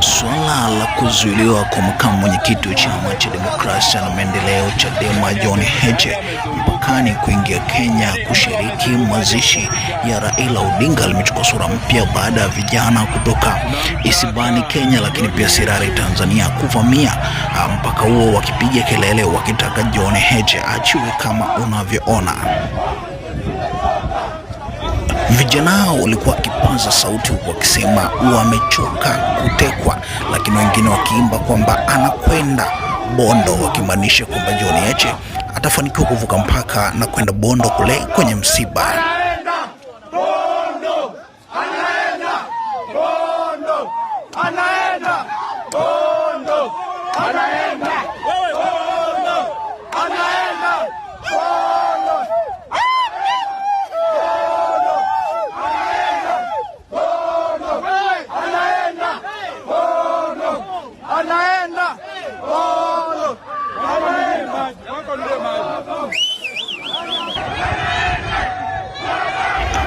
Swala la kuzuiliwa kwa makamu mwenyekiti wa chama cha demokrasia na maendeleo CHADEMA John Heche Marekani kuingia Kenya kushiriki mazishi ya Raila Odinga limechukua sura mpya baada ya vijana kutoka Isibani, Kenya, lakini pia Sirari, Tanzania, kuvamia ah, mpaka huo wakipiga kelele wakitaka John Heche achiwe kama unavyoona. Vijana hao walikuwa wakipaza sauti wakisema wamechoka kutekwa, lakini wengine wakiimba kwamba anakwenda Bondo, wakimaanisha kwamba John Heche atafanikiwa kuvuka mpaka na kwenda Bondo kule kwenye msiba. Anaenda Bondo, anaenda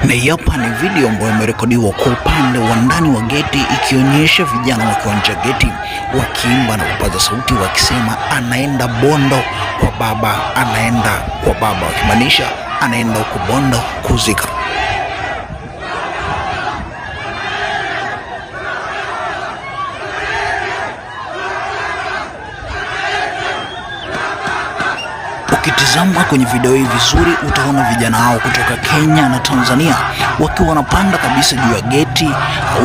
Na hapa ni video ambayo imerekodiwa kwa upande wa ndani wa geti ikionyesha vijana wa kiwanja geti wakiimba na kupaza sauti wakisema anaenda Bondo kwa baba, anaenda kwa baba, wakimaanisha anaenda huko Bondo kuzika. Ukitazama kwenye video hii vizuri, utaona vijana hao kutoka Kenya na Tanzania wakiwa wanapanda kabisa juu ya geti,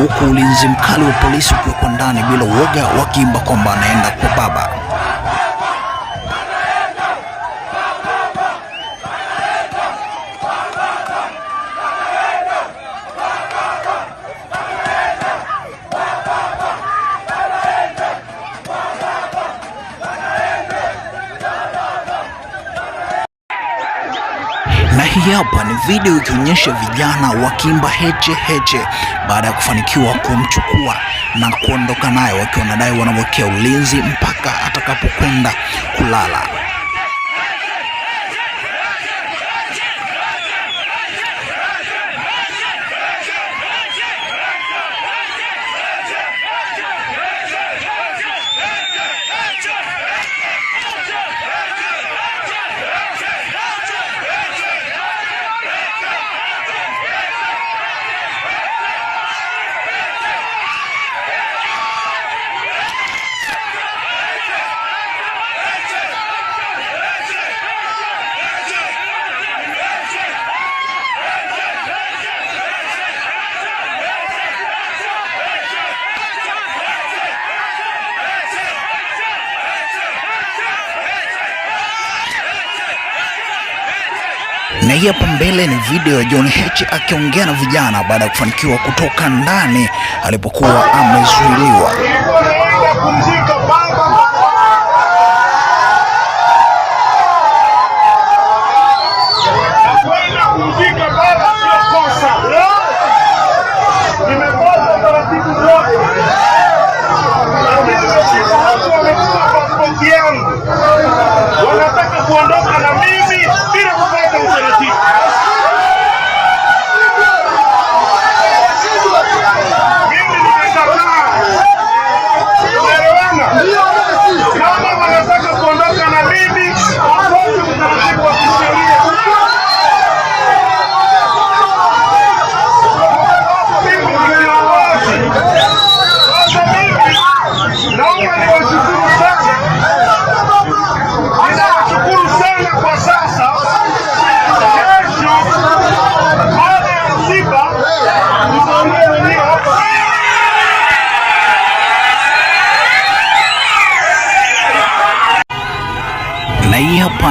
huku ulinzi mkali wa polisi ukiwekwa ndani bila uoga, wakiimba kwamba anaenda kwa baba. hii hapa ni video ikionyesha vijana wakiimba heche heche baada ya kufanikiwa kumchukua na kuondoka naye, wakiwa wanadai wanamwekea ulinzi mpaka atakapokwenda kulala. hii hapa mbele ni video ya John Heche akiongea na vijana baada ya kufanikiwa kutoka ndani alipokuwa amezuiliwa.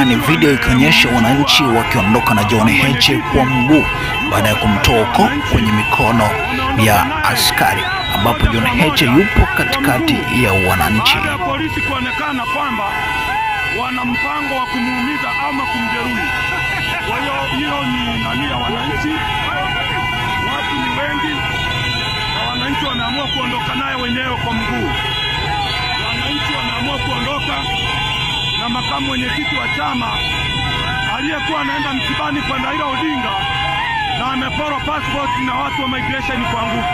ni video ikionyesha wananchi wakiondoka na John Heche kwa mguu baada ya kumtoa huko kwenye mikono ya askari, ambapo John Heche yupo katikati ya wananchi. Polisi kuonekana kwamba wana mpango wa kumuumiza ama kumjeruhi. Kwa hiyo hiyo ni nani ya wananchi, watu ni wengi na wananchi wanaamua kuondoka naye wenyewe kwa mguu. Wananchi wanaamua kuondoka na makamu mwenyekiti wa chama aliyekuwa anaenda msibani kwa Raila Odinga na ameporwa passport na watu wa migration kwa nguvu.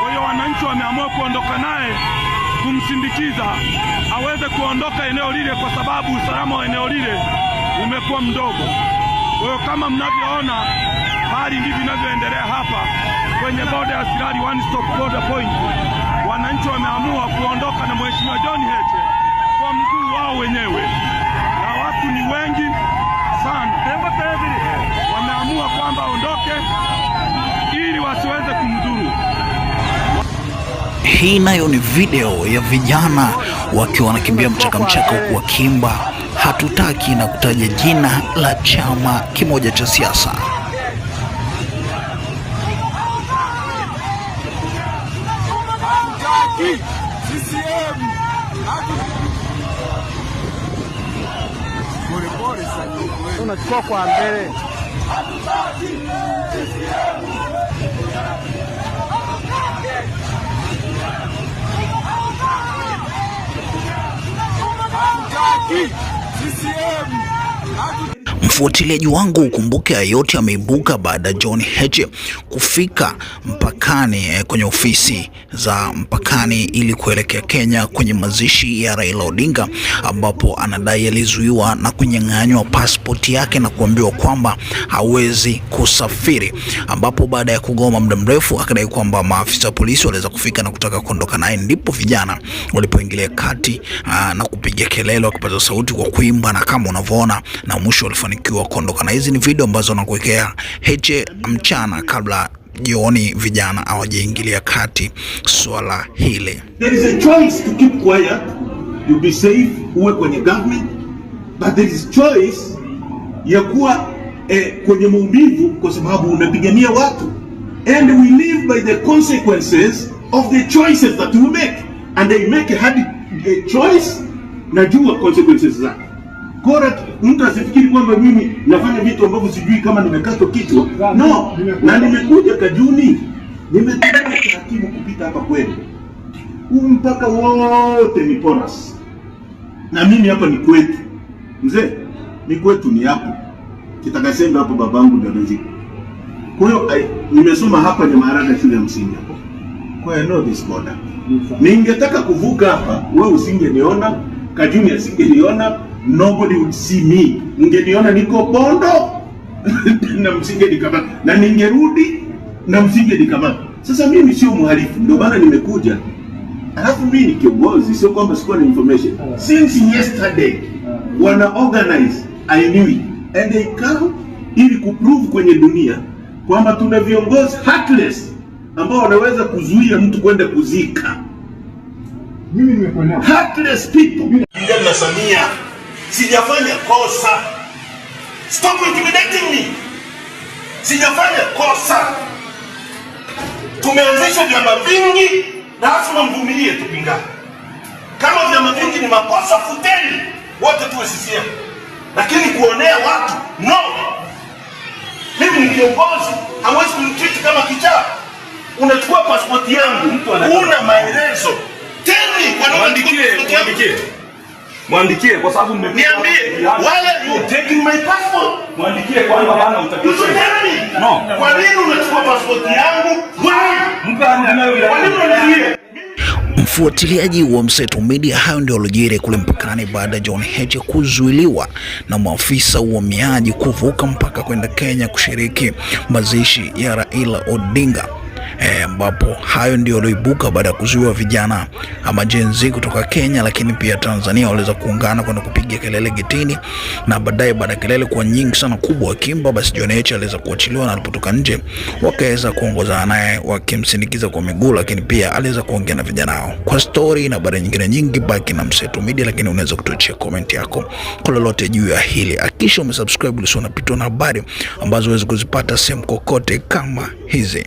Kwa hiyo wananchi wameamua kuondoka naye kumsindikiza aweze kuondoka eneo lile, kwa sababu usalama wa eneo lile umekuwa mdogo. Kwa hiyo kama mnavyoona, hali ndivyo inavyoendelea hapa kwenye boda ya Sirari one stop border point. Wananchi wameamua kuondoka na mheshimiwa John Heche kwa mguu wao wenyewe, na watu ni wengi sana. Tembo Tevi wameamua kwamba ondoke ili wasiweze kumdhuru. Hii nayo ni video ya vijana wakiwa wanakimbia mchakamchaka huku wakimba hatutaki na kutaja jina la chama kimoja cha siasa. unachukua kwa mbele Mfuatiliaji wangu ukumbuke yote ameibuka baada ya John Heche kufika mpakani eh, kwenye ofisi za mpakani ili kuelekea Kenya kwenye mazishi ya Raila Odinga, ambapo anadai alizuiwa na kunyang'anywa pasipoti yake na kuambiwa kwamba hawezi kusafiri, ambapo baada ya kugoma muda mrefu akadai kwamba maafisa polisi waliweza kufika na kutaka kuondoka naye, ndipo vijana walipoingilia kati ah, na kupiga kelele wakipata sauti kwa kuimba na kama unavyoona, na mwisho walifanikiwa ukiwa kuondoka, na hizi ni video ambazo nakuwekea Heche mchana kabla jioni vijana hawajaingilia kati swala hili. There is a choice to keep quiet, you be safe, uwe kwenye government, but there is choice ya kuwa eh, kwenye maumivu kwa sababu unapigania watu and we live by the consequences of the choices that we make and they make a hard eh, choice, najua consequences zake Kora, mtu asifikiri kwamba mimi nafanya vitu ambavyo sijui kama nimekatwa kichwa. No, na nimekuja Kajuni, nimekuja taratibu kupita hapa kwenu. Mpaka wote ni porous. Na mimi hapa ni kwetu. Mzee, ni kwetu ni hapo. Kitakasembe hapo babangu ndio anazika. Kwa hiyo nimesoma hapa ni Maharaga shule ya msingi hapo. Kwa hiyo no this border. Ningetaka kuvuka hapa, wewe usingeniona, Kajuni asingeniona nobody would see me. Mngeniona niko Bondo na msinge nikamata, na ningerudi na msinge nikamata. Sasa mimi sio mhalifu, ndio maana nimekuja. Alafu mimi ni kiongozi, sio kwamba sikuwa na information. Since yesterday wana organize, I knew it and they come ili kuprove kwenye dunia kwamba tuna viongozi heartless ambao wanaweza kuzuia mtu kwenda kuzika. Mimi nimekuelewa. Heartless people. Mimi na Samia Sijafanya kosa. Stop intimidating me. Sijafanya kosa. Tumeanzisha vyama vingi na lazima mvumilie, tupingane. Kama vyama vingi ni makosa, futeni wote tuwe CCM, lakini kuonea watu no. Mimi ni kiongozi, hawezi kumtreat kama kichaa. Unachukua pasipoti yangu, mtu una maelezo teni, wanaandikia Mwandikie kwa sababu mmefika. Niambie wale you taking my passport. Mwandikie kwa nini bana utakuwa. No. Kwa nini unachukua passport yangu? Why? Mpe nayo bila. Kwa nini unaniambia? Mfuatiliaji wa Mseto Media, hayo ndio alojiri kule mpakani baada ya John Heche kuzuiliwa na maafisa uhamiaji kuvuka mpaka kwenda Kenya kushiriki mazishi ya Raila Odinga. Eh, ambapo e, hayo ndio yalioibuka baada ya kuzuiwa vijana ama Gen Z kutoka Kenya, lakini pia Tanzania waliweza kuungana kwenda kupiga kelele getini, na baadaye baada ya kelele kwa nyingi sana kubwa wakimba, basi John Heche aliweza kuachiliwa na alipotoka nje wakaweza kuongozana naye wakimsindikiza kwa miguu, lakini pia aliweza kuongea na vijana hao. Kwa story na habari nyingine nyingi, baki na Mseto Media, lakini unaweza kutuachia comment yako kwa lolote juu ya hili. Hakikisha umesubscribe ili usipitwe na habari ambazo huwezi kuzipata sehemu kokote kama hizi.